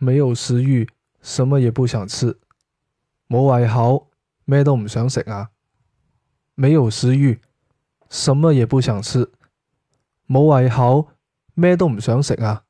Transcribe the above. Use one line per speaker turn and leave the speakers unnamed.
沒有食欲，什麼也不想吃，冇胃口，咩都唔想食啊！沒有食欲，什麼也不想吃，冇胃口，咩都唔想食啊！